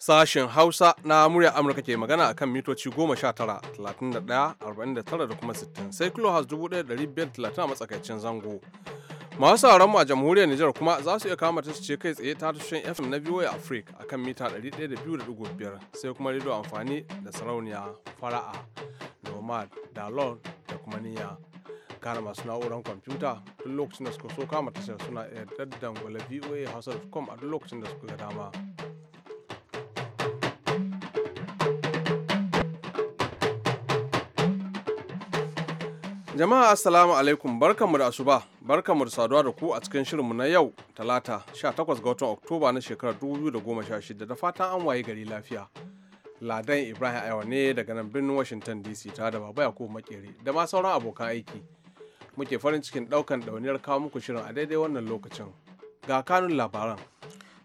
Sashen Hausa na murya Amurka ke magana a kan mitoci 19,31,49,60 31, da kuma sai kilohas 1530 a matsakaicin zango. Masu sauranmu a jamhuriyar Nijar kuma za su iya kama ta ce kai tsaye ta tushen FM na VOA Africa a kan mita 102.5 sai kuma rido amfani da sarauniya fara'a, nomad, dalon da kuma niyya. kana masu na'urar kwamfuta duk lokacin da suka so kama tashar suna iya daddangwala voa hausa.com a duk lokacin da suka dama Jama'a Assalamu alaikum barkanmu da asuba barkanmu da saduwa da ku a cikin shirinmu na yau talata 18 ga watan Oktoba na shekarar 2016 da fatan an waye gari lafiya. Ladan Ibrahim Aiwa ne daga nan birnin Washington DC ta da Baba Yakubu Makere da ma sauran abokan aiki muke farin cikin ɗaukan ɗauniyar kawo muku shirin a daidai wannan lokacin ga kanun labaran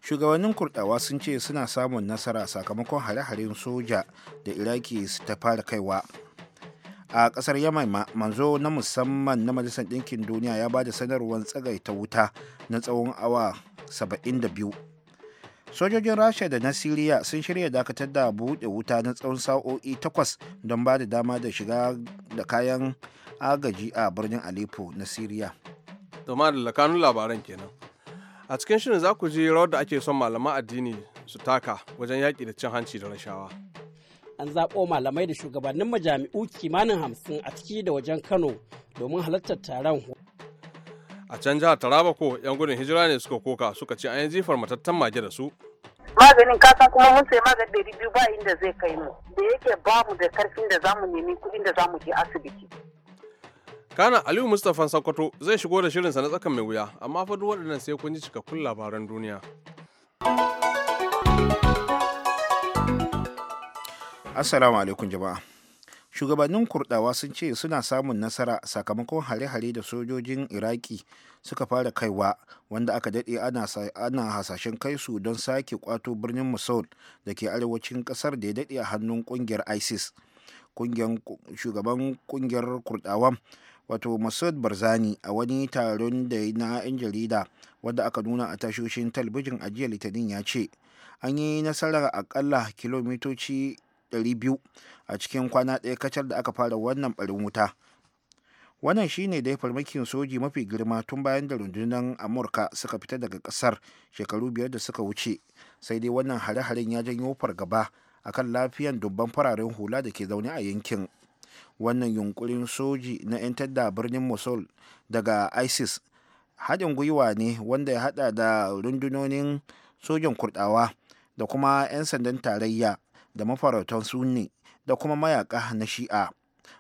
shugabannin kurdawa sun ce suna samun nasara sakamakon hare-haren soja da iraki su ta fara kaiwa a kasar yamai manzo na musamman na majalisar ɗinkin duniya ya ba da sanarwar tsagaita wuta na tsawon awa 72 sojojin rasha da na siriya sun shirya dakatar da buɗe wuta na tsawon sa'o'i takwas don ba da dama da shiga da kayan agaji a birnin aleppo na siriya domin da lakanun labaran kenan a cikin shirin za ku ji rawar da ake son malaman addini su taka wajen yaƙi da cin hanci da rashawa an zaɓo malamai da shugabannin majami'u kimanin hamsin a ciki da wajen kano domin halartar taron a can jihar taraba ko yan gudun hijira ne suka koka suka ce an yi jifar matattan mage da su maganin kasa kuma mun sai maganin ɗari biyu ba inda zai kai mu da yake bamu da karfin da zamu nemi kuɗin da zamu je asibiti kana aliyu mustapha sakwato zai shigo da shirinsa na tsakan mai wuya amma fa duk waɗannan sai kun ji cikakkun labaran duniya assalamu alaikum jama'a shugabannin kurdawa sun ce suna samun nasara sakamakon hare-hare da sojojin iraki suka fara kaiwa wanda aka daɗe ana hasashen kai su don sake kwato birnin musul da ke arewacin ƙasar da ya daɗe a hannun ƙungiyar isis shugaban ƙungiyar kurdawan wato masud barzani a wani taron da na 'yan jarida wadda aka nuna a tashoshin talbijin a jiya litinin ya ce an yi nasarar akalla kilomitoci biyu a cikin kwana ɗaya kacal da aka fara wannan ɓarin wuta wannan shine dai farmakin soji mafi girma tun bayan da rundunar amurka suka fita daga ƙasar shekaru biyar da suka wuce sai dai wannan hare-haren ya janyo fargaba akan lafiyan dubban fararen hula da ke zaune a yankin wannan yunkurin soji na 'yantar da birnin mosul daga isis haɗin gwiwa ne wanda ya haɗa da rundunonin sojin kurɗawa da kuma 'yan sandan tarayya da mafarautan sunni da kuma mayaka na shi'a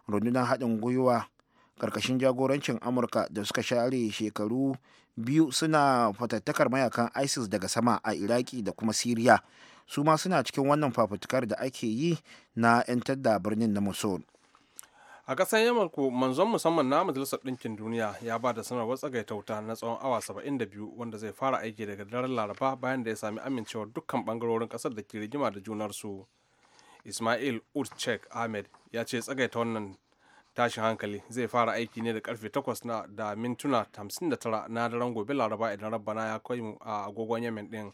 rundunar haɗin gwiwa ƙarƙashin jagorancin amurka da suka share shekaru biyu suna fatattakar mayakan isis daga sama a iraki da kuma siriya su ma suna cikin wannan fafutukar da ake yi na 'yan da birnin na mosul a ƙasar yamal ko manzon musamman na majalisar ɗinkin duniya ya ba da sanarwar tsagaitauta wuta na tsawon awa 72 wanda zai fara aiki daga daren laraba bayan da ya sami amincewar dukkan ɓangarorin ƙasar da ke rigima da junarsu. su ismail urchek ahmed ya ce tsagaita wannan tashin hankali zai fara aiki ne da karfe 8 da mintuna 59 na daren gobe laraba idan rabbana ya kai mu a agogon yamen din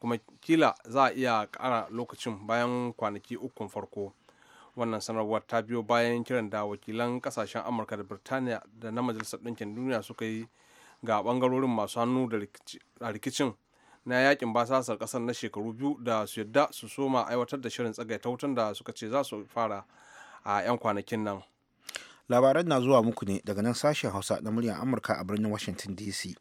kuma kila za a iya kara lokacin bayan kwanaki ukun farko wannan sanarwar ta biyo bayan kiran da wakilan kasashen amurka da birtaniya da na majalisar ɗinkin duniya suka yi ga bangarorin masu hannu da rikicin na yakin basasar kasar na shekaru biyu da su yadda su soma aiwatar da shirin tsagaita wutan da suka ce za su fara a 'yan kwanakin nan labaran na zuwa muku ne daga nan sashen hausa na muryar amurka a birnin washington dc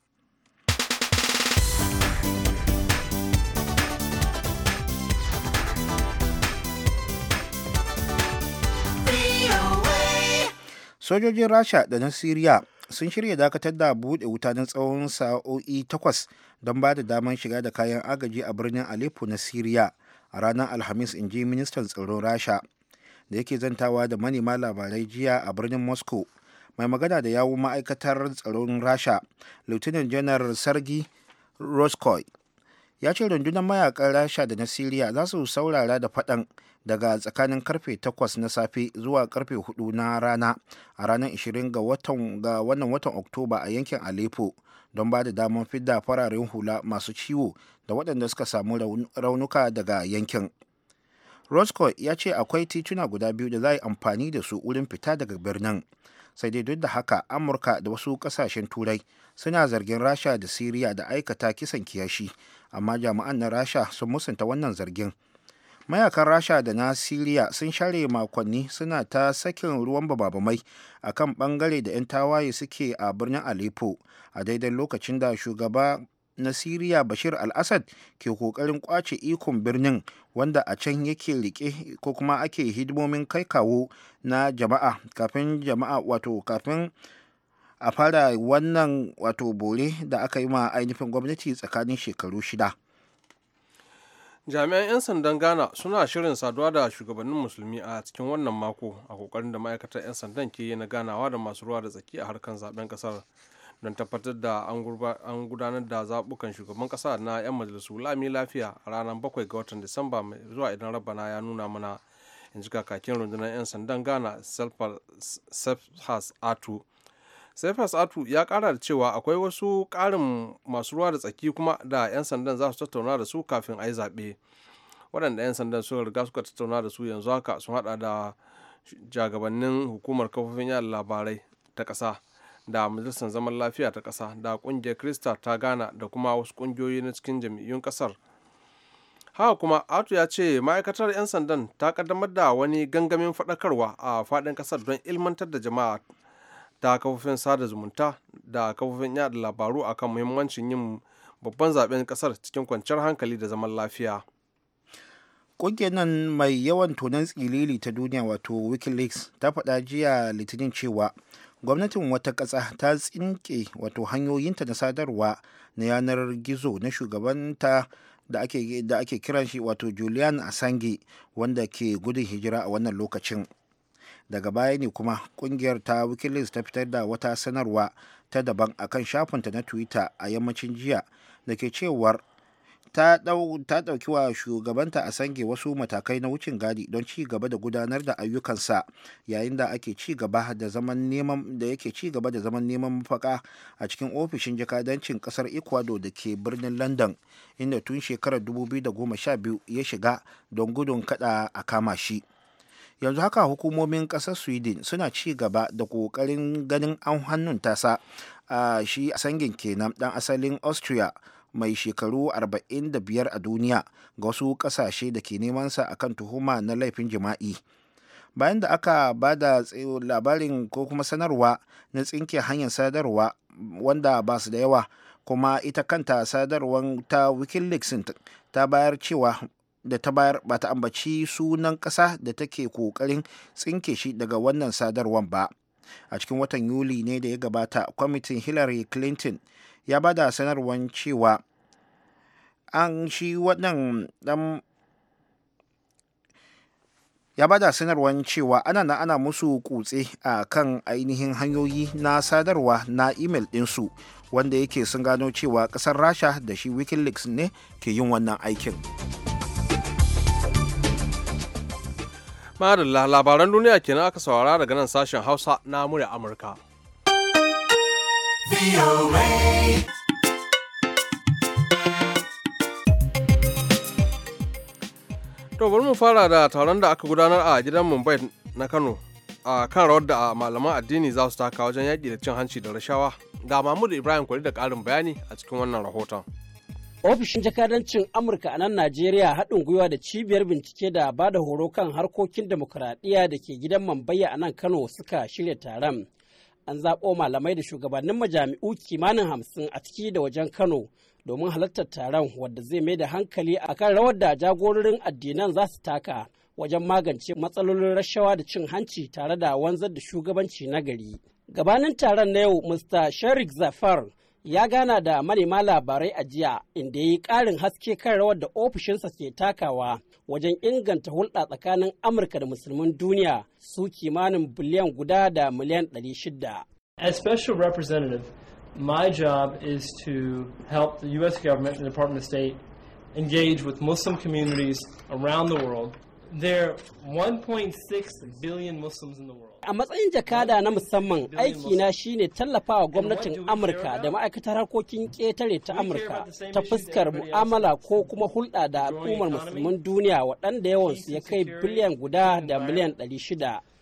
sojojin rasha da na siriya sun shirya dakatar da buɗe wuta na tsawon sa'o'i takwas don ba da damar shiga da kayan agaji a birnin aleppo na syria a ranar alhamis in ji ministan tsaron rasha da yake zantawa da manema labarai jiya a birnin moscow mai magana da yawun ma'aikatar tsaron rasha lieutenant general sergi roskoy ya ce rundunar mayakan rasha da na siriya za su saurara da faɗan daga tsakanin karfe 8 na safe zuwa karfe 4 na rana a ranar 20 ga watan wannan watan oktoba a yankin aleppo don ba da damar fidda fararen hula masu ciwo da waɗanda suka samu raunuka daga yankin roscoe ya ce akwai tituna guda biyu da za a yi amfani da su wurin fita daga birnin sai dai duk da haka amurka da wasu ƙasashen turai suna zargin rasha da siriya da aikata kisan kiyashi amma jami'an na rasha sun musanta wannan zargin mayakan rasha da na siriya sun share makonni suna ta sakin ruwan bababamai a kan bangare da 'yan tawaye suke a birnin aleppo a daidai lokacin da shugaba na siriya bashir al-assad ke kokarin kwace ikon birnin wanda a can yake rike ko kuma ake hidimomin kai kawo na jama'a kafin jama'a wato kafin a fara wannan wato bore da aka yi ma ainihin gwamnati tsakanin shekaru shida jami'an 'yan sandan ghana suna shirin saduwa da shugabannin musulmi a cikin wannan mako a kokarin da ma'aikatar 'yan sandan ke yi na ganawa da masu ruwa da tsaki a harkar zaben kasar don tabbatar da an gudanar da zabukan shugaban kasa na 'yan majalisu lami lafiya a ranar 7 ga watan disamba mai zuwa idan rabana ya nuna mana in ji kakakin rundunar 'yan sandan ghana selfas atu sai fasatu ya kara da cewa akwai wasu karin masu ruwa da tsaki kuma da 'yan sandan za su tattauna da su kafin a yi zaɓe waɗanda 'yan sandan suka riga suka tattauna da su yanzu haka sun haɗa da jagabannin hukumar kafofin yada labarai ta ƙasa da majalisar zaman lafiya ta ƙasa da ƙungiyar krista ta gana da kuma wasu ƙungiyoyi na cikin jam'iyyun ƙasar haka kuma atu ya ce ma'aikatar 'yan sandan ta kaddamar da wani gangamin faɗakarwa a faɗin ƙasar don ilmantar da jama'a ta kafofin sada zumunta da kafofin yada labaru akan muhimmancin yin babban zaben kasar cikin kwanciyar hankali da zaman lafiya ƙungiyar nan mai yawan tonon tsilili ta duniya wato wikileaks ta faɗa jiya litinin cewa gwamnatin wata ƙasa ta tsinke wato hanyoyinta na sadarwa na yanar gizo na shugabanta da ake, da ake kiran shi wato julian asange wanda ke gudun hijira a wannan lokacin daga baya ne kuma kungiyar ta wikileaks ta fitar da wata sanarwa ta daban a akan shafinta na twitter a yammacin jiya da ke cewar ta ɗauki wa shugabanta a sange wasu matakai na wucin gadi don ci gaba da gudanar da ayyukansa yayin da ake ci gaba da zaman neman da yake ci gaba da zaman neman mafaka a cikin ofishin jakadancin kasar ecuador da ke birnin london inda tun shekarar 2012 ya shiga don gudun kada a kama shi. yanzu haka hukumomin ƙasar sweden suna ci gaba da ƙoƙarin ganin an hannun tasa a shi sangin kenan ɗan asalin austria mai shekaru 45 a duniya ga wasu ƙasashe da ke neman nemansa akan tuhuma na laifin jima'i bayan da aka ba da labarin ko kuma sanarwa na tsinke hanyar sadarwa wanda ba su da yawa kuma ita kanta sadarwar ta wikileaks ta bayar cewa da ta bayar ba ta ambaci sunan ƙasa da take ƙoƙarin tsinke shi daga wannan sadarwar ba a cikin watan yuli ne da ya gabata kwamitin hillary clinton ya bada sanarwar cewa an shi wannan dan ya ba sanarwar cewa ana na ana musu kutse a kan ainihin hanyoyi na sadarwa na imel ɗinsu wanda yake sun gano cewa ƙasar rasha da shi wikileaks ne ke yin wannan aikin. Madalla labaran duniya kenan aka saurara daga nan sashen Hausa na murya Amurka. To bari mu fara da taron da aka gudanar a gidan Mumbai na Kano a kan rawar da malaman addini za su taka wajen yaƙi da cin hanci da rashawa. Ga Mahmud Ibrahim kwari da ƙarin bayani a cikin wannan rahoton. Ofishin jakadancin Amurka a nan Najeriya haɗin gwiwa da cibiyar bincike da ba da horo kan harkokin demokuraɗiyya da ke gidan Mambayya a nan Kano suka shirya taron. An zaɓo malamai da shugabannin majami'u kimanin hamsin a ciki da wajen Kano domin halartar taron wadda zai mai da hankali a kan rawar da jagororin addinan za su taka wajen magance matsalolin rashawa da cin hanci tare da wanzar da shugabanci na gari. Gabanin taron na yau, Mr. Sherik Zafar, ya gana da manema labarai a jiya inda ya yi ƙarin haske kan rawar da ofishinsa ke takawa wajen inganta hulɗa tsakanin Amurka da musulmin duniya su kimanin biliyan guda da miliyan ɗari shida. As representative, my job is to help the U.S. government and the Department of State engage with Muslim communities around the world. There are 1.6 billion Muslims in the world. A matsayin jakada na musamman aikina shine tallafawa gwamnatin Amurka da ma'aikatar harkokin ƙetare ta Amurka ta fuskar mu'amala ko kuma hulɗa da al'ummar musulman duniya waɗanda yawansu ya kai biliyan guda da miliyan ɗari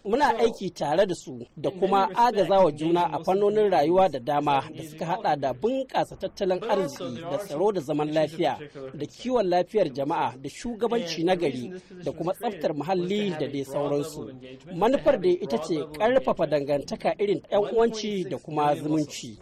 muna aiki tare da su da kuma agaza wa juna a fannonin rayuwa da dama da suka hada da bunƙasa tattalin arziki da tsaro da zaman lafiya da kiwon lafiyar jama'a da shugabanci na gari da kuma tsaftar muhalli da dai sauransu manufar da ita ce karfafa dangantaka irin yan uwanci da kuma zumunci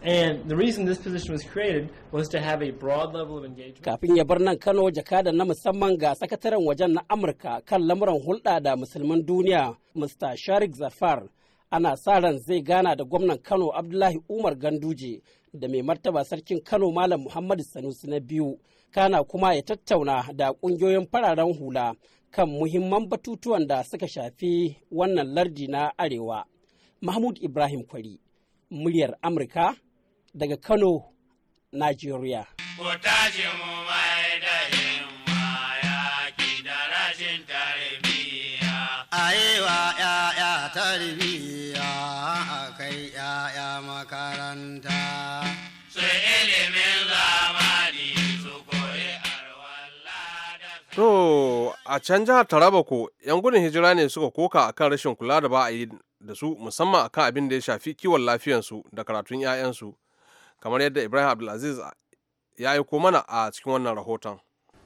kafin ya bar nan kano jakada na musamman ga sakataren wajen na amurka kan lamuran hulɗa da musulman duniya mr tarik zafar ana sa ran zai gana da gwamnan kano abdullahi umar ganduje da mai martaba sarkin kano malam muhammadu sanusi na biyu kana kuma ya tattauna da kungiyoyin fararen hula kan muhimman batutuwan da suka shafi wannan lardi na arewa mahmud ibrahim kwari muryar amurka daga kano nigeria Su zamani su koyi To, a can jihar Taraba ko, 'yan gudun hijira ne suka koka a kan rashin kula da ba a yi da su musamman a kan abin da ya shafi kiwon lafiyansu da karatun 'ya'yansu, kamar yadda Ibrahim Abdulaziz ya yi mana a cikin wannan rahoton.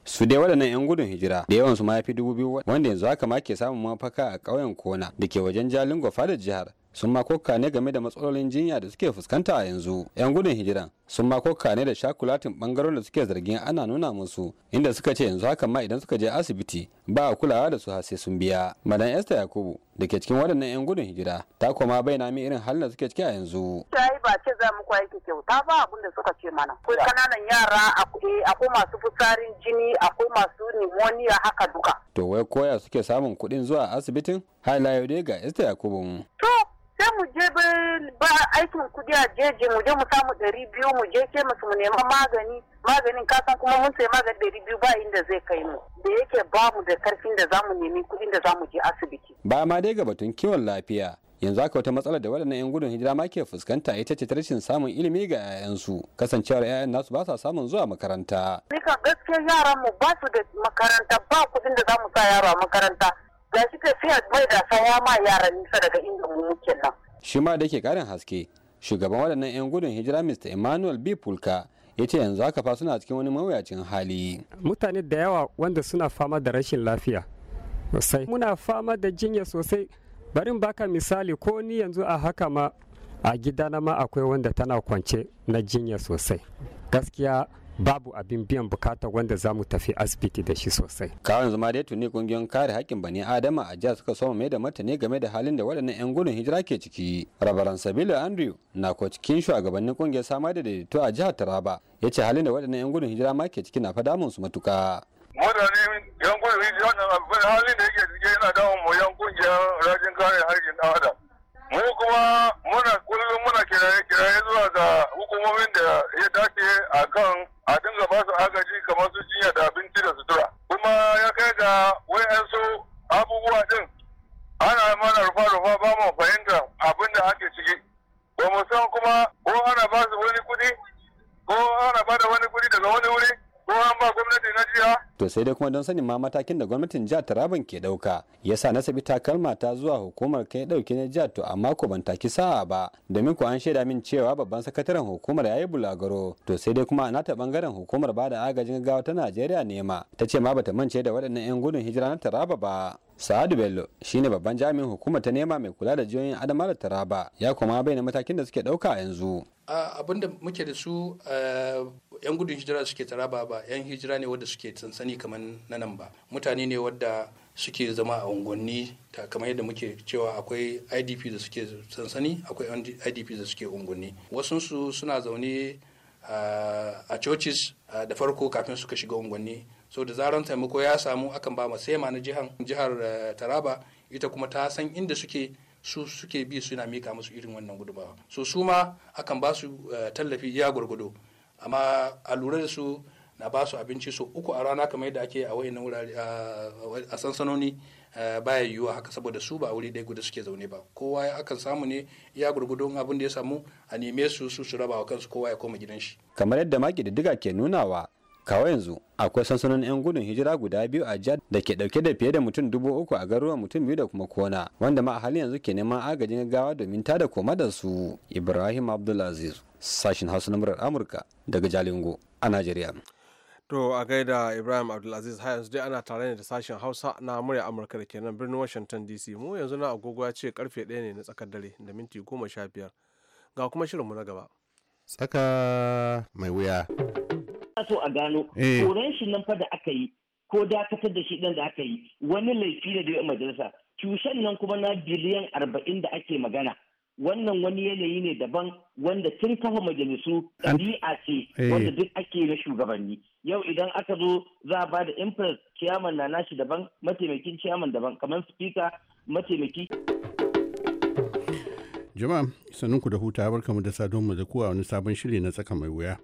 su dai waɗannan 'yan gudun hijira da yawansu ma ya fi dubu biyu wanda yanzu haka ma ke samun mafaka a ƙauyen kona da ke wajen jalingo fadar jihar sun ma koka ne game da matsalolin jinya da suke fuskanta a yanzu yan gudun hijira sun ma koka ne da shakulatin bangaren da suke zargin ana nuna musu inda suka ce yanzu haka ma idan suka je asibiti ba a kulawa da su har sai sun biya madan esther yakubu da ke cikin waɗannan yan gudun hijira ta koma bai na mi irin halin da suke ciki a yanzu yi ba ce za mu kwaye kyauta ba abin da suka ce mana akwai kananan yara akwai masu fusarin jini akwai masu pneumonia haka duka to wai koya suke samun kuɗin zuwa asibitin har dai ga esther yakubu mu je ba aikin kudi a jeje mu je mu samu ɗari biyu mu je ke mu neman magani maganin kasan kuma mun sai magani ɗari biyu ba inda zai kai mu da yake ba mu da karfin da zamu nemi kuɗin da zamu je asibiti. Ba ma dai ga batun kiwon lafiya yanzu aka wata matsalar da waɗannan 'yan gudun hijira ma ke fuskanta ita ce rashin samun ilimi ga 'ya'yansu kasancewar 'ya'yan nasu ba sa samun zuwa makaranta. Nika gaskiya yaran mu ba su da makaranta ba kuɗin da zamu sa yaro a makaranta. Ga shi fiye bai da sa ya ma yaran nisa daga inda mu muke nan. shi ma da ke karin haske shugaban waɗannan 'yan gudun hijira mr emmanuel b pulka ya ce yanzu haka fa suna cikin wani mawuyacin hali mutane da yawa wanda suna fama da rashin lafiya sosai muna fama da jinya sosai barin baka misali ko ni yanzu a haka ma a gidana ma akwai wanda tana kwance na jinya sosai gaskiya babu abin biyan bukata wanda za mu tafi asibiti da shi sosai. Kawai zama dai tuni kungiyoyin kare haƙƙin bani Adama a jihar suka soma mai da martani game da halin da waɗannan 'yan gudun hijira ke ciki. Rabaran Sabila Andrew na ko cikin shugabannin kungiyar samar da daidaito a jihar Taraba ya ce halin da waɗannan 'yan gudun hijira ma ke ciki na fada mun su matuka Mutane 'yan gudun hijira na abin halin da yake ciki yana damun mu 'yan kungiyar rajin kare haƙƙin ɗan Adam. kuma muna kullum muna kiraye-kiraye zuwa ga hukumomin da ya dace a kan a dinga ba su agaji kamar su jinya da abinci da sutura kuma ya kai ga wayansu abubuwa din ana mana rufa-rufa ba mu fahimta abin da ake ciki ba mu san kuma ko ana ba su wani kuɗi ko ana ba da wani kudi daga wani wuri ko an ba gwamnati na jiya to sai dai kuma don sanin ma matakin da gwamnatin jihar taraban ke dauka yasa na sabi takalma ta zuwa hukumar kai dauki na jihar to amma ko ban taki sa'a ba domin ko an shaida min cewa babban sakataren hukumar yayi bulagaro to sai dai kuma nata bangaren hukumar bada agajin gaggawa ta Najeriya nema ta ce ma bata mance da waɗannan 'yan gudun hijira na taraba ba sa'adu bello shine babban jami'in hukumar ta nema mai kula da jihohin adama da taraba ya kuma bayyana matakin da suke dauka yanzu abinda muke da su yan gudun hijira suke taraba ba yan hijira ne wadda suke sansani kamar na nan ba mutane ne wadda suke zama a unguwanni kamar yadda muke cewa akwai idp da suke sansani akwai idp da suke unguwanni wasunsu suna zaune a coci's da farko kafin suka shiga unguwanni so da zaran taimako ya samu akan ba masema na jihar jihar eh, taraba ita kuma ta san inda suke su suke bi suna mika musu irin wannan gudubawa so su ma akan ba su eh, tallafi ya gwargwado amma a lura da su na ba su abinci so uku a rana kamar yadda ake a wayannan wurare a sansanoni eh, baya yiwuwa haka saboda su ba a wuri dai guda suke zaune ba kowa ya akan samu ne ya gurgudo abin da ya samu a neme su su su raba wa kansu kowa ya koma gidan shi kamar yadda maki diga ke nunawa kawo yanzu akwai sansanin 'yan gudun hijira guda biyu a jihar da ke dauke da fiye da mutum dubu uku a garuruwan mutum biyu da kuma kona wanda ma a halin yanzu ke neman agajin gaggawa domin tada koma da su ibrahim abdulaziz sashin hausa na murar amurka daga jalingo a nigeria. to a gaida ibrahim abdulaziz har yanzu dai ana tare ne da sashen hausa na murya amurka da kenan birnin washington dc mu yanzu na agogo ya ce karfe ɗaya ne na tsakar dare da minti goma sha biyar ga kuma shirin mu na gaba tsaka mai wuya so a gano eh. koren shi nan fa da aka yi ko dakatar da shi dan da aka yi wani laifi ne da ya majalisa cushen nan kuma na biliyan arba'in da ake magana wannan wani yanayi ne daban wanda tun kafa majalisu ɗabi'a ce eh. wanda duk ake na shugabanni yau idan aka zo za a ba da impress ciyaman na nashi daban mataimakin ciyaman daban kamar speaker mataimaki jama'a ku da huta barkamu da sadon mu da kowa wani sabon shiri na tsaka mai wuya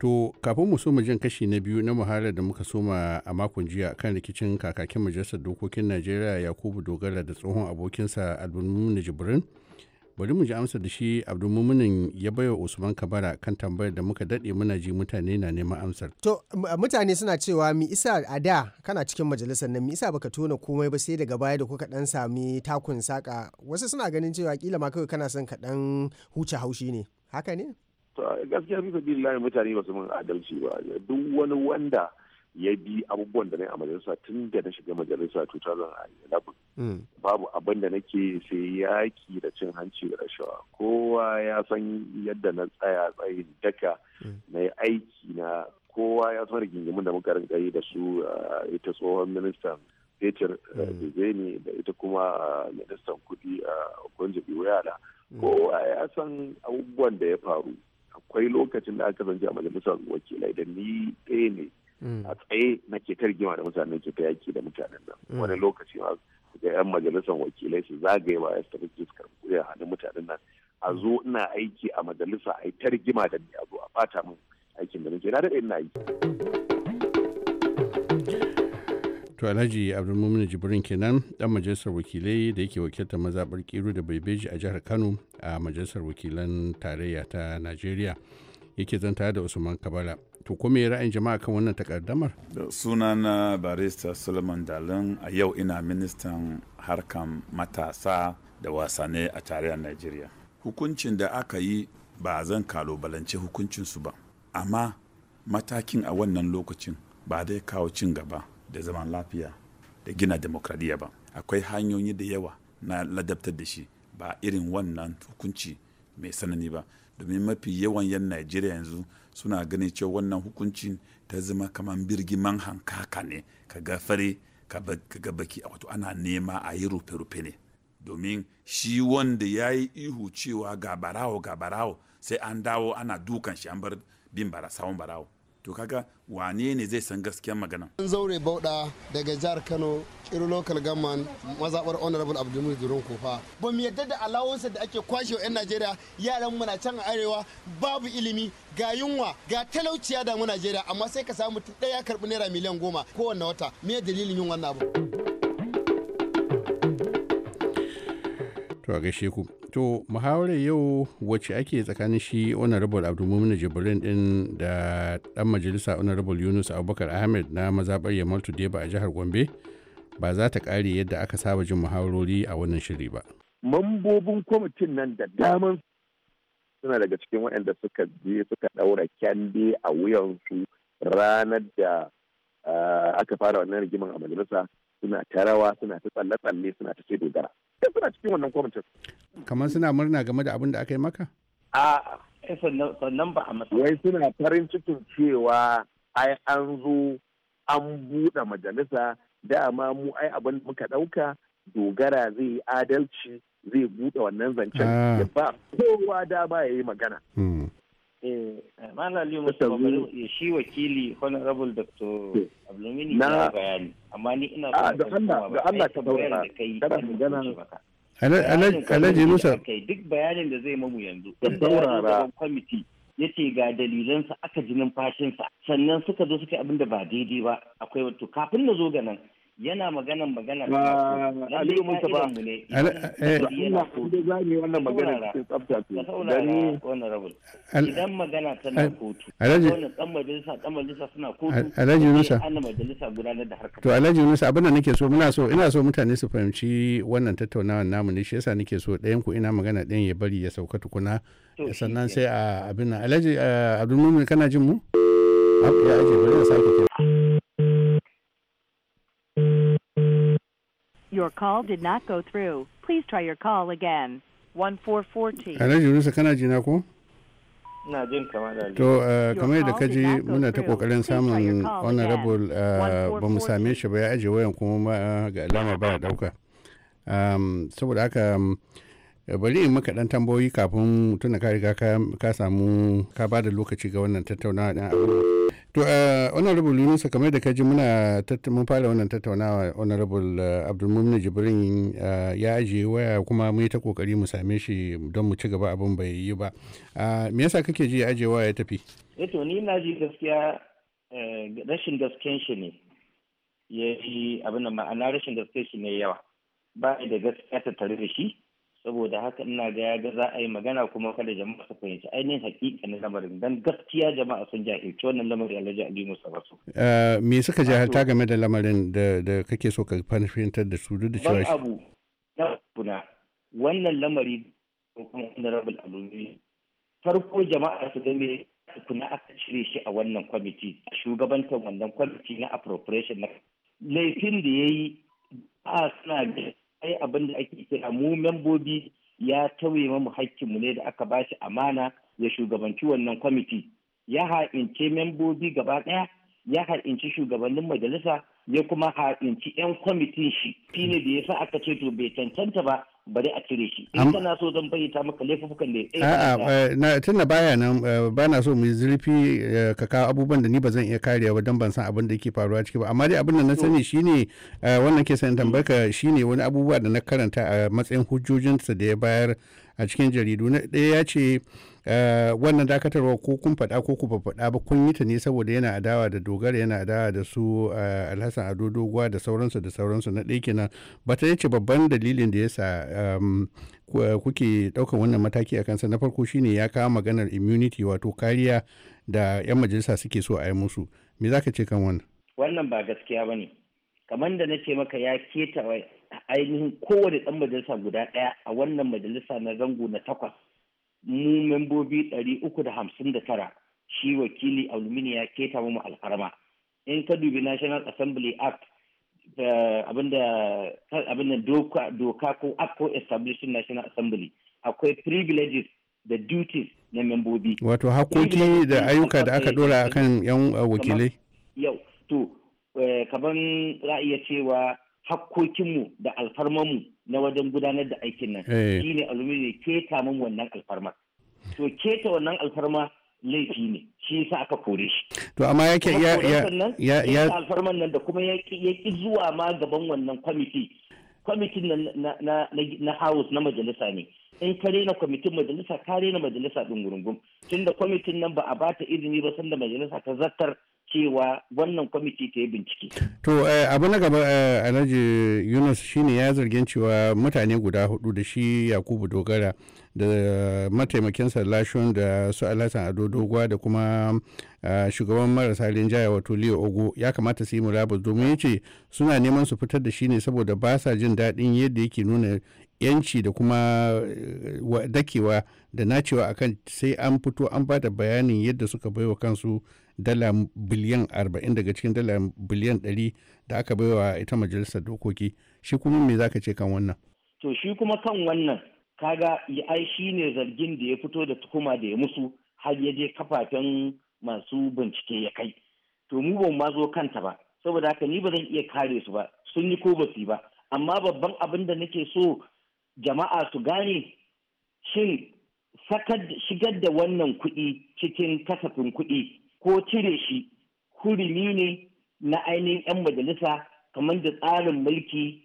To kafin mu soma jin kashi na biyu na muhalar da muka soma a makon jiya kan rikicin kakakin majalisar dokokin Najeriya Yakubu Dogara da tsohon abokinsa Abdulmumin Jibrin. Bari mu ji amsa da shi Abdulmuminin ya wa Usman Kabara kan tambayar da muka daɗe muna ji mutane na neman amsar. To mutane suna cewa mi isa a da kana cikin majalisar nan mi isa baka tona komai ba sai daga baya da kuka dan sami takun saka wasu suna ganin cewa kila ma kawai kana son ka dan huce haushi ne haka ne? gaskiya bisa sabi mutane ba su mun adalci ba duk wani wanda ya bi abubuwan da na a majalisa tun da na shiga majalisa 2011 hmm. babu abin da nake sai yaki da cin hanci da rashawa kowa ya san yadda na tsaya tsayin daka hmm. na aiki na kowa ya san rigingimin da muka rinka yi da su ah, ita tsohon ministan peter ah, hmm. bezeni da ita kuma ah, ministan kudi a kunji kowa ya san abubuwan da ya faru akwai lokacin da aka zance a majalisar wakilai da ni ɗaya ne hmm. a tsaye na ke targima da mutanen ke ta yaki da mutanen nan hmm. wani lokaci ma ga yan majalisar wakilai su zagaye ba su tafi fuskar karɓi kuɗi hannun mutanen nan a zo ina aiki a majalisa a yi ta da ni a zo a ɓata min aikin da nake na daɗe ina aiki. to alhaji abdulmumin jibrin kenan dan majalisar wakilai da yake wakiltar mazaɓar kiro da baibeji a jihar kano a majalisar wakilan tarayya ta najeriya yake zanta da usman kabala to kuma ya ra'ayin jama'a kan wannan takardamar sunana barista suleiman dalin a yau ina ministan harkan matasa da wasane a tarayyar najeriya hukuncin da aka yi ba zan kalubalance hukuncinsu ba amma matakin a wannan lokacin ba dai kawo cin gaba da zaman lafiya da gina demokradiyya ba akwai hanyoyi da yawa na ladabtar da shi ba irin wannan hukunci mai sanani ba domin mafi yawan yan najeriya yanzu suna ganin cewa wannan hukuncin ta zama kamar birgiman hankaka ne ka ga fare ka ga baki wato ana nema a yi rufe-rufe ne domin shi wanda ya yi ihu cewa ga barawo ga barawo sai an dawo ana dukan shi an bar bin bara barawo to kaga wane ne zai san gaskiyar magana an zaure bauɗa daga jihar kano kiru lokal gaman mazabar honorable abdulmuzi duron kofa ba mu yadda da alawansa da ake kwashe 'yan najeriya yaran mu na can arewa babu ilimi ga yunwa ga talauciya da mu najeriya amma sai ka samu ɗaya karɓi naira miliyan goma kowanne wata me dalilin yin wannan abu to a gaishe ku to muhawarar yau wacce ake tsakanin shi honorable abdulmumin jibrin din da dan majalisa honorable yunus abubakar ahmed na mazaɓar yamal deba a jihar gombe ba za ta ƙare yadda aka saba jin muhawarori a wannan shiri ba mambobin kwamitin nan da daman suna daga cikin waɗanda suka je suka ɗaura kyande a wuyansu ranar da ah, aka fara wannan rigiman a majalisa suna ta rawa suna ta tsalle-tsalle suna ta sai dogara sai suna cikin wannan kwamitin. kamar suna murna game da abin da aka yi maka? a eh, sannan ba a matsa. wai suna farin cikin cewa ai an zo an buɗe majalisa da dama mu ai abin muka ɗauka dogara zai yi adalci zai buɗe wannan zancen ya ah. ba kowa da ba ya yi magana. Hmm. Eh, Malaliyu Mustapha ya shi wakili Honorable Dr. Eh, Abdulmini ya bayani amma ni ina ah, da Allah ta Allah ka daura kada magana Alhaji Musa duk bayanin da zai mamu yanzu da daurara kwamiti ya ce ga dalilansa aka ji numfashinsa sannan suka zo suka abin da ba daidai ba akwai wato kafin na zo ga nan yana maganan maganar aliyu mustapha eh. yana kudu za mu yi wannan magana cikin tsafta ce dan honorable idan magana tana kotu wannan dan majalisa dan majalisa suna kotu alhaji musa ana majalisa gudanar da harkar to alhaji musa abin da nake so muna so ina so mutane su fahimci wannan tattaunawar namu ne shi yasa nake so ɗayan ku ina magana ɗayan ya bari ya sauka tukuna sannan sai a abin nan alhaji eh, abdulmumin kana jin mu ya aje bari ya sake kira Your call did not go through. Please try your call again. 1440. kana jina ko? da To uh, kamar ka ji muna ta kokarin samun honorable ba mu same shi ba ya aje wayan kuma uh, ga alama ba ya dauka. Um, saboda haka um, bari in maka dan tambayoyi kafin tuna ka riga ka samu ka bada lokaci ga wannan tattaunawa din To uh, honorable Yunusa kamar da kaji muna mun fara wannan tattaunawa honorable uh, Abdulmumin Jibrin eh, ya ajiye waya kuma mu yi ta kokari mu same shi don mu ci gaba abin bai yi ba. me yasa kake ji ajiye waya ya tafi? Eh to ni na ji gaskiya rashin gasken shi ne. Ya yi abin da ma'ana rashin gasken shi ne yawa. Ba da gaskiya ta tare da shi. saboda haka ina ga ya ga za a yi magana kuma kada jama'a su fahimci ainihin hakika na lamarin dan gaskiya jama'a sun jahilci wannan lamarin alhaji ali musa basu. Eh, me suka jahilta game da lamarin da kake so ka fahimtar da su duk da cewa abu na kuna wannan lamari kuma honorable alumi farko jama'a su game kuna aka cire shi a wannan kwamiti shugabantar wannan kwamiti na appropriation na laifin da ya yi a suna da ai abin da ake kira mu membobi ya tauye mu mu ne da aka ba shi amana ya shugabanci wannan kwamiti ya ha'ince membobi gaba ɗaya ya ha'inci shugabannin majalisa ya kuma ha'inci 'yan kwamitin shi ne da yasa aka ce to bai cancanta ba bari a cire shi in kana so zan bayyana maka laifukan eh, eh, da a'a na tunda baya nan eh, ba na so mu zurfi ka kawo abubuwan da ni ba zan iya kariya ba dan ban san abin da yake faruwa ciki ba amma dai abin da na sani shine wannan ke san tambarka shine wani abubuwa da na karanta a matsayin hujjojinsa da ya bayar a cikin jaridu na ɗaya ya ce Eh, wannan dakatarwa ko kun faɗa ko ku faɗa ba kun yi ta ne saboda yana adawa da dogara yana adawa da su eh, alhassan ado doguwa da sauransu da sauransu na ɗaya kenan ba ta yace babban dalilin da yasa ehm, eh, kuke ɗaukar wannan mataki a kansa na farko shine ya kawo maganar immunity wato kariya da 'yan majalisa suke so a yi musu me za ka ce kan wannan wannan ba gaskiya ba ne kamar da na ce maka ya keta ainihin kowane ɗan majalisa guda ɗaya a wannan majalisa na zango na takwas mu membobi ɗari uku da da tara shi wakili alumini ya keta mu alfarma in ka dubi national assembly act eh, abinda doka ko act ko establishing national assembly akwai privileges da duties na membobi wato hakoki da ayyuka da aka dora kan yan eh, wakilai yau to eh, kaban ra'ayi iya cewa hakokinmu da alfarmanmu na wajen gudanar da aikin nan eh. shi ne alumi ne keta min wannan alfarma to keta wannan alfarma laifi ne shi yasa aka kore shi to amma yake ya ya ya alfarman nan da kuma ya ki zuwa ma gaban wannan kwamiti kwamitin na house na majalisa ne in ka rena kwamitin majalisa ka rena majalisa ɗin gurungum tunda kwamitin nan ba a bata izini ba sanda majalisa ta zartar cewa wannan kwamiti ta yi bincike. To eh, abu na gaba eh, Alhaji Yunus shine ya zargin cewa mutane guda hudu da shi Yakubu Dogara da mataimakinsa Lashon da su Alhassan Ado Dogwa da kuma eh, shugaban marasa rinjaya wato Leo Ogo ya kamata su yi murabus domin ya ce suna neman su fitar da shi ne saboda ba sa jin daɗin yadda yake nuna yanci da kuma dakewa da nacewa akan sai an fito an ba da bayanin yadda suka baiwa kansu dala biliyan 40 daga cikin dala biliyan 100 da aka baiwa ita majalisar dokoki shi kuma me zaka ce kan wannan to shi kuma kan wannan kaga ai shi ne zargin da ya fito da tuhuma da ya musu har ya je kafafen masu bincike ya kai to mu ban ma zo kanta ba saboda haka ni ba zan iya kare su ba sun yi ko ba su ba amma babban abin da nake so jama'a su gane shin shigar da wannan kuɗi cikin kasafin kuɗi ko cire shi hurumi ne na ainihin 'yan majalisa kamar da tsarin mulki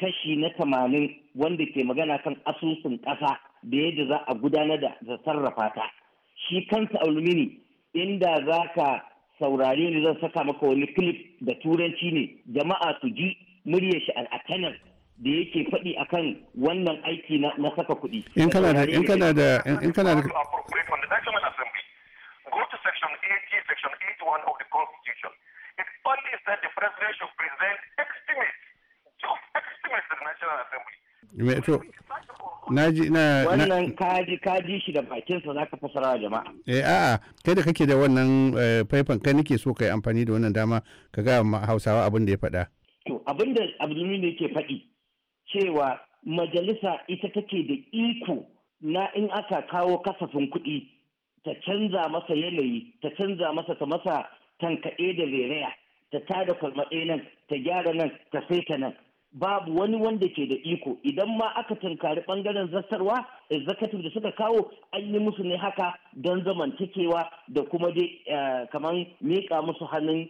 kashi na tamanin wanda ke magana kan asusun ƙasa da yadda za a gudanar da sarrafa ta shi kansa alumini inda za ka saurare ni zan saka maka wani clip da turanci ne jama'a su ji murya shi al'atanar da yake faɗi akan wannan aiki na saka kuɗi. da in kana da Section 81 of the Constitution. It only said the President should present estimates, just estimates to the National Assembly. naji na wannan kaji kaji shi da bakin sa zaka fasara jama'a eh a'a kai da kake da wannan faifan eh, kai nake so kai amfani da wannan dama ka ga Hausawa abin da ya faɗa to abin da Abdulmi ne yake faɗi cewa majalisa ita take da iko na in aka kawo kasafin kuɗi ta canza masa yanayi ta canza masa ta masa tankaɗe da reraya ta tada kwalmaɗe nan ta gyara nan ta saita nan babu wani wanda ke da iko idan ma aka tunkari bangaren zartarwa executive da suka kawo an yi musu ne haka don zamantakewa da kuma dai eh, kamar miƙa musu hannun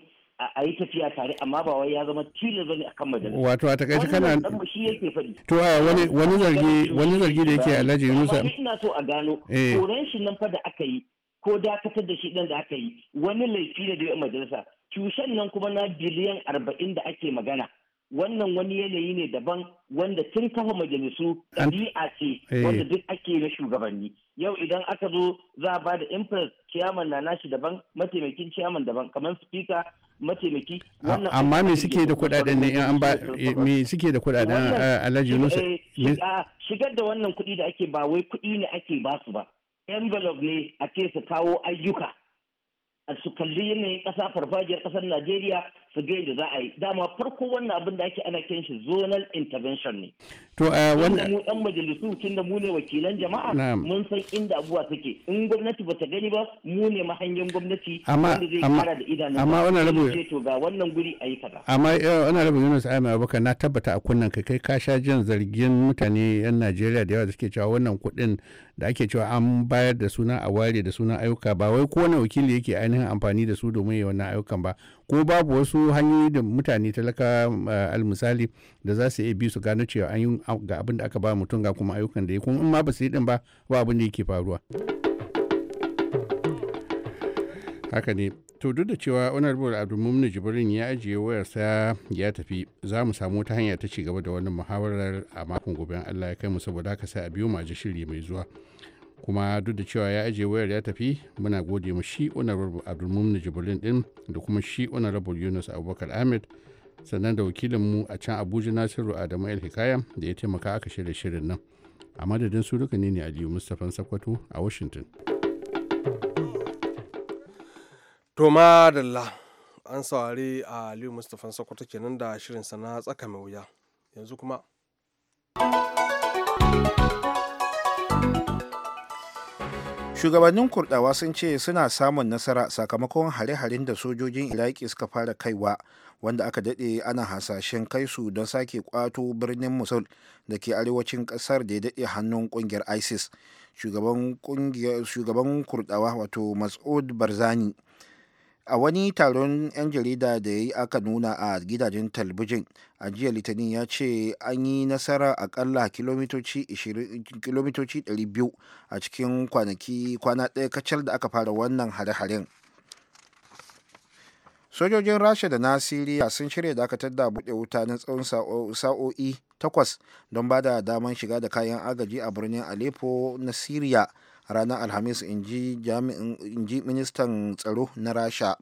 a yi tafiya tare amma ba wai ya zama tilas bane akan majalisa wato a takaice kana shi yake faɗi to wani wani zargi wani zargi da yake Alhaji Yunus ina so a gano koren eh. shi nan fa da aka yi ko dakatar da shi dan da aka yi wani laifi ne da ya majalisa tushen nan kuma na biliyan arba'in da ake magana wannan wani yanayi ne daban wanda tun kafa majalisu ɗabi'a ce eh. wanda duk ake na shugabanni yau idan aka zo za a ba da impress ciyaman na nashi daban mataimakin ciyaman daban kamar spika mataimaki wannan amma me suke da kudaden ne an ba me suke da kudaden Alhaji Yunus shigar da wannan kudi da ake ba wai kudi ne ake ba su ba envelope ne a ce su kawo ayyuka su kalli yanayin ƙasa farfajiyar ƙasar Najeriya su ga yadda za a yi dama farko wannan abin da ake ana kenshi zonal intervention ne To eh, a wannan mu dan majalisu tun da mu ne wakilan jama'a mun san inda abuwa take in gwamnati bata gani ba mu ne mahanyan gwamnati wanda zai da amma wannan rabu to ga wannan guri ayi kaza amma eh, wannan rabu Yunus Ahmed Abubakar na tabbata a kunnan ka kai ka sha jin zargin mutane yan Najeriya da yawa da suke cewa wannan kuɗin da ake cewa an bayar da suna a ware da suna ayyuka ba wai kowane wakili yake ainihin amfani da su domin yi wannan ayyukan ba ko babu wasu hanyoyi da mutane talaka eh, almisali da za su iya bi su gano cewa an yi ga abin da aka ba mutum ga kuma ayyukan da ya kuma in ma ba su yi din ba ba abin da yake faruwa haka ne to duk da cewa honorable abdulmumin jibrin ya ajiye wayarsa ya tafi za mu samu ta hanya ta ci gaba da wannan muhawarar a makon gobe allah ya kai mu saboda haka sai a biyo ma a shiri mai zuwa kuma duk da cewa ya ajiye wayar ya tafi muna gode ma shi honorable abdulmumin jibrin din da kuma shi honorable yunus abubakar ahmed sannan da wakilin mu a can abuja nasiru adamu el hikaya da ya taimaka aka shirya shirin nan a madadin su duka ne ne aliyu mustapha sakwato a washington to madalla an saurari a aliyu mustapha sakwato kenan da shirin sana tsaka mai wuya yanzu kuma shugabannin kurdawa sun ce suna samun nasara sakamakon hare-haren da sojojin iraki suka fara kaiwa wanda aka daɗe ana hasashen kai su don sake kwato birnin musul da ke arewacin ƙasar da ya daɗe hannun ƙungiyar isis shugaban kurdawa wato mas'ud barzani a wani taron 'yan jarida da ya yi aka nuna a gidajen talbijin a jiya litinin ya ce an yi nasara akalla kilomitoci 200 a cikin kwanaki kwana ɗaya kacal da aka fara wannan hare-haren sojojin rasha da nasiriya sun shirya dakatar da buɗe wuta na tsawon sa'o'i takwas don ba da damar shiga da kayan agaji a birnin aleppo na siriya ranar alhamis in ji ministan tsaro na rasha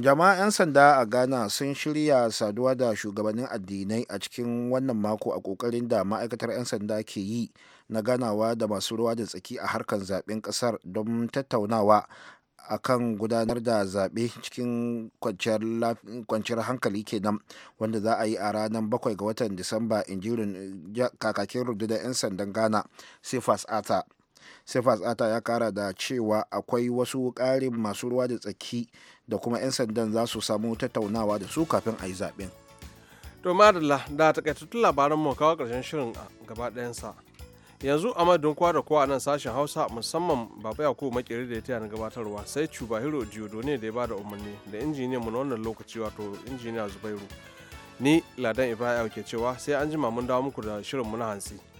jama'a 'yan sanda a ghana sun shirya saduwa da shugabannin addinai a cikin wannan mako a kokarin da ma'aikatar 'yan sanda ke yi na ganawa da masu ruwa da tsaki a harkar zaben kasar don tattaunawa akan gudanar da zaɓe cikin kwanciyar hankali kenan wanda za a yi a ranar 7 ga watan disamba in ji kakakin rundunar 'yan sandan ghana sifas ata sifas ata ya kara da cewa akwai wasu ƙarin masu ruwa da tsaki da kuma 'yan sandan za su samu tattaunawa da su kafin a yi zaɓen. to madalla da takaitattun labaran mu kawo ƙarshen shirin gaba ɗayansa yanzu a madadin kowa da kowa nan sashen hausa musamman baba yakubu makere da ya taya na gabatarwa sai cubahiro ne da ya bada umarni da injiniyan mu na wannan lokaci wato injiniya zubairu ni ladan ibrahim ke cewa sai an jima mun dawo muku da shirin mu na hansi.